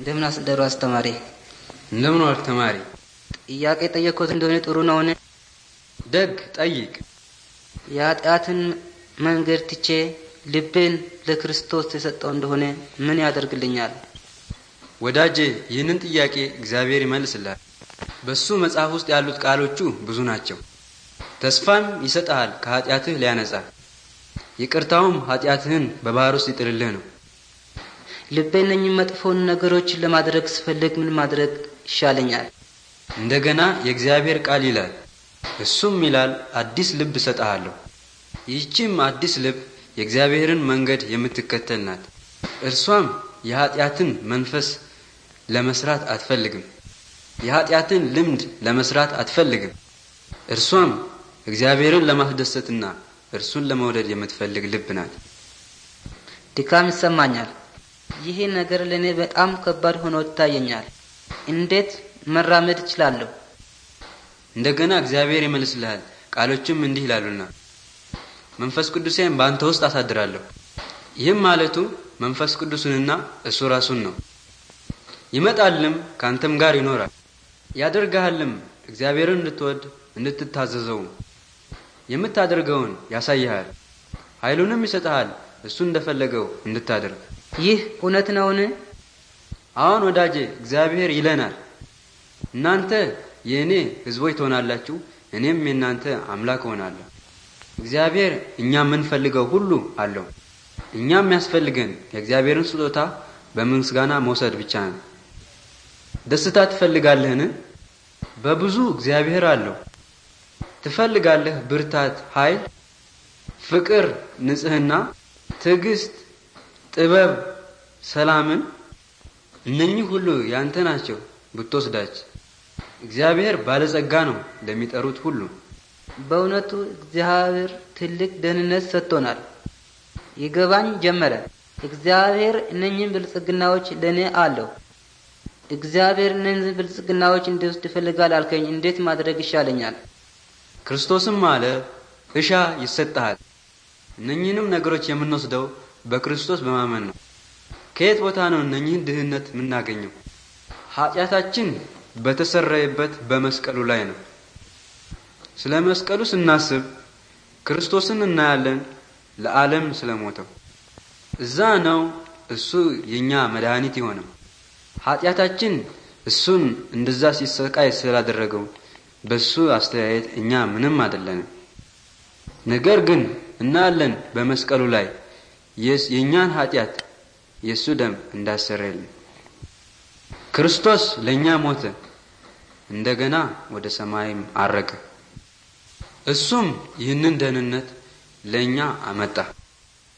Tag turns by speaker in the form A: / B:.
A: እንደምን አስደሩ አስተማሪ።
B: እንደምን ዋልክ ተማሪ።
A: ጥያቄ ጠየቅኩት እንደሆነ ጥሩ ነውን? ደግ ጠይቅ። የኃጢአትን መንገድ ትቼ ልቤን ለክርስቶስ የሰጠው እንደሆነ ምን ያደርግልኛል?
B: ወዳጄ ይህንን ጥያቄ እግዚአብሔር ይመልስላል። በሱ መጽሐፍ ውስጥ ያሉት ቃሎቹ ብዙ ናቸው። ተስፋም ይሰጠሃል ከኃጢአትህ ሊያነጻ፣ ይቅርታውም ኃጢአትህን በባህር ውስጥ ይጥልልህ ነው።
A: ልቤን መጥፎን ነገሮችን ለማድረግ ስፈልግ ምን ማድረግ ይሻለኛል?
B: እንደገና የእግዚአብሔር ቃል ይላል፣ እሱም ይላል አዲስ ልብ እሰጥሃለሁ። ይህችም አዲስ ልብ የእግዚአብሔርን መንገድ የምትከተል ናት። እርሷም የኃጢአትን መንፈስ ለመስራት አትፈልግም፣ የኃጢአትን ልምድ ለመስራት አትፈልግም። እርሷም እግዚአብሔርን ለማስደሰትና እርሱን ለመውደድ የምትፈልግ ልብ ናት። ድካም ይሰማኛል
A: ይሄ ነገር ለእኔ በጣም ከባድ ሆኖ ይታየኛል። እንዴት መራመድ እችላለሁ?
B: እንደገና እግዚአብሔር ይመልስልሃል። ቃሎችም እንዲህ ይላሉና መንፈስ ቅዱሴን በአንተ ውስጥ አሳድራለሁ። ይህም ማለቱ መንፈስ ቅዱስንና እሱ ራሱን ነው። ይመጣልም ከአንተም ጋር ይኖራል፣ ያደርግሃልም እግዚአብሔርን እንድትወድ እንድትታዘዘው የምታደርገውን ያሳይሃል፣ ኃይሉንም ይሰጥሃል እሱ እንደፈለገው እንድታደርግ ይህ እውነት ነውን? አሁን ወዳጄ፣ እግዚአብሔር ይለናል፣ እናንተ የእኔ ህዝቦች ትሆናላችሁ፣ እኔም የእናንተ አምላክ እሆናለሁ። እግዚአብሔር እኛ የምንፈልገው ሁሉ አለው። እኛ የሚያስፈልገን የእግዚአብሔርን ስጦታ በምስጋና መውሰድ ብቻ ነው። ደስታ ትፈልጋለህን? በብዙ እግዚአብሔር አለው። ትፈልጋለህ ብርታት፣ ኃይል፣ ፍቅር፣ ንጽህና፣ ትዕግስት ጥበብ ሰላምን እነኚህ ሁሉ ያንተ ናቸው ብትወስዳች። እግዚአብሔር ባለጸጋ ነው ለሚጠሩት ሁሉ።
A: በእውነቱ እግዚአብሔር ትልቅ ደህንነት ሰጥቶናል። ይገባኝ ጀመረ። እግዚአብሔር እነኚህን ብልጽግናዎች ለእኔ አለው። እግዚአብሔር እነዚህ ብልጽግናዎች እንድወስድ ይፈልጋል አልከኝ። እንዴት ማድረግ ይሻለኛል? ክርስቶስም
B: አለ እሻ ይሰጠሃል። እነኚህንም ነገሮች የምንወስደው በክርስቶስ በማመን ነው። ከየት ቦታ ነው እነኚህን ድህነት የምናገኘው? ኃጢአታችን በተሰረየበት በመስቀሉ ላይ ነው። ስለ መስቀሉ ስናስብ ክርስቶስን እናያለን፣ ለዓለም ስለሞተው እዛ ነው እሱ የኛ መድኃኒት የሆነው። ኃጢአታችን እሱን እንደዛ ሲሰቃይ ስላደረገው በሱ አስተያየት እኛ ምንም አይደለንም። ነገር ግን እናያለን በመስቀሉ ላይ የእኛን ኃጢአት የእሱ ደም እንዳሰረልን ክርስቶስ ለእኛ ሞተ፣ እንደገና ወደ ሰማይም አረገ። እሱም ይህንን ደህንነት ለእኛ አመጣ።